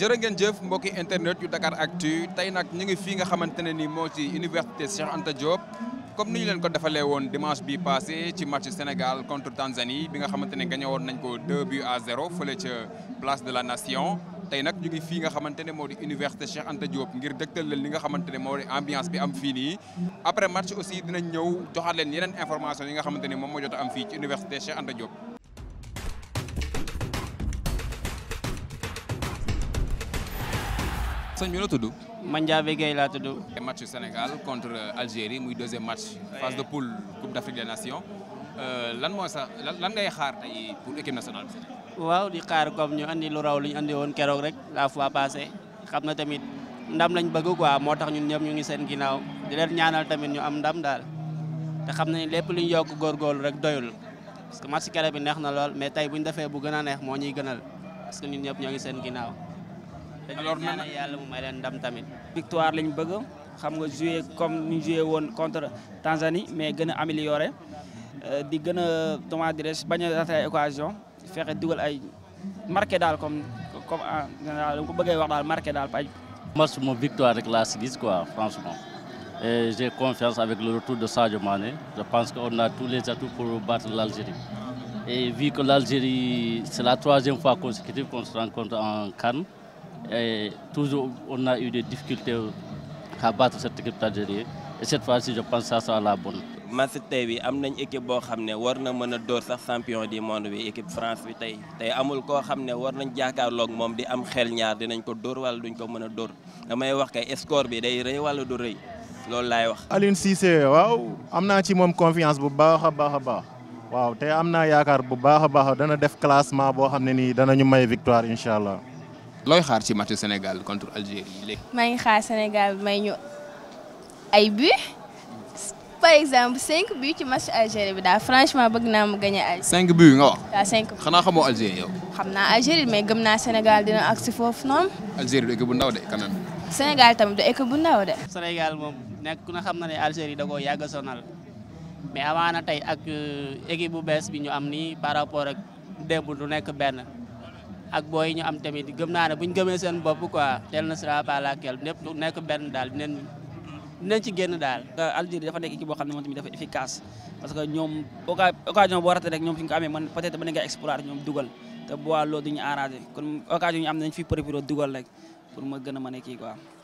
jërë ngeen jëf mbokki internet yu Dakar Actu tey nag ñu ngi fi nga xamante ne ni moo ci université Cheikh Anta Diop comme ni ñu leen ko defalee woon dimanche bi passé ci match Sénégal contre Tanzanie bi nga xamante ne gagné woon nañ ko 2 buts à 0 fële ca place de la nation tey nag ñu ngi fii nga xamante ne moo di université Cheikh Anta Diop ngir dëgtal leen li nga xamante ne moo di ambiance bi am fii nii après match aussi dinañ ñëw joxaat leen yeneen information yi nga xamante ne moom moo jot am fii ci université sëñ bi la tudd. Mandiabe Gueye laa tudd. match Sénégal contre Algérie muy deuxième match. phase de poule Coupe d'Afrique des Nations. Euh, lan mooy sax lan ngay xaar tey pour équipe nationale waaw di xaar comme ñu andi lu raw lu ñu andi woon keroog rek la fois passée xam na tamit ndam lañ bëgg ko moo tax ñun ñëp ñu ngi seen ginnaaw di leen ñaanal tamit ñu am ndam daal te xam nañ lépp lu ñu yokk góorgóorlu rek doyul parce que match keroog bi neex na lool mais tey bu ñu bu gën a neex moo ñuy gënal parce que ñun ñëpp ñoo ngi seen ginnaaw. alors maintenant yàlla mu may leen ndam tamit. victoire lañ bëgg xam nga joué comme ni joué won contre Tanzanie mais gëna améliorer amélioré euh, di gëna a comment baña je raté occasion fexé dugal ay marqué dal comme comme en général dama ko bëggee wax dal marqué dal paj. match victoire rek la gis quoi franchement. Et j'ai confiance avec le retour de Sadio Mané. Je pense qu'on a tous les atouts pour battre l'Algérie. Et vu que l'Algérie, c'est la troisième fois consécutive qu'on se rencontre en Cannes, et toujours, on a eu des difficultés à battre cette équipe d'Algérie. Et cette fois-ci, je pense que ça sera la bonne. match tey bi am équipe boo xam ne war na a dóor sax champion du monde bi équipe France bi tey tey amul ko xam ne war nañ jàkkaarloog moom di am xel ñaar dinañ ko dóor wala duñ ko mën a dóor damay wax kay score bi day rëy wala du rëy loolu laay wax. Aliou Cissé waaw am ci moom confiance bu baax a baax a baax waaw tey am naa yaakaar bu baax a dana def classement bo xam ni dana danañu may victoire InshaAllah. looy xaar ci match Sénégal contre Algérie léegi. maa ngi xaar Sénégal may ñu ay but par exemple cinq buts ci match Algérie bi daal franchement bëgg naa mu gagné Algérie. 5 buts nga wax. xanaa xamoo Algérie xam naa Algérie mais gëm naa Sénégal dina agsi foofu noonu. Algérie du équipe bu ndaw de quand même. Sénégal tamit du équipe bu ndaw de. Sénégal moom nekk na xam na ne Algérie da koo yàgg sonal mais amaana tey ak euh, équipe bu bees bi ñu am ni par rapport ak démb du nekk benn. ak booy ñu am tamit gëm naa ne bu ñu gëmee seen bopp quoi tel na sera pas la kel népp nekk benn daal dinañ dinañ ci génn daal. Euh, Algérie dafa nekk équipe boo xam ne moom tamit dafa efficace parce que ñoom occasion boo ratee rek ñoom fi amee man peut-être mën nga exploiter ñoom dugal te bu loolu du ñu arrangé kon occasion ñu am nañ fi profité dugal rek pour ma gën a mën a kii quoi.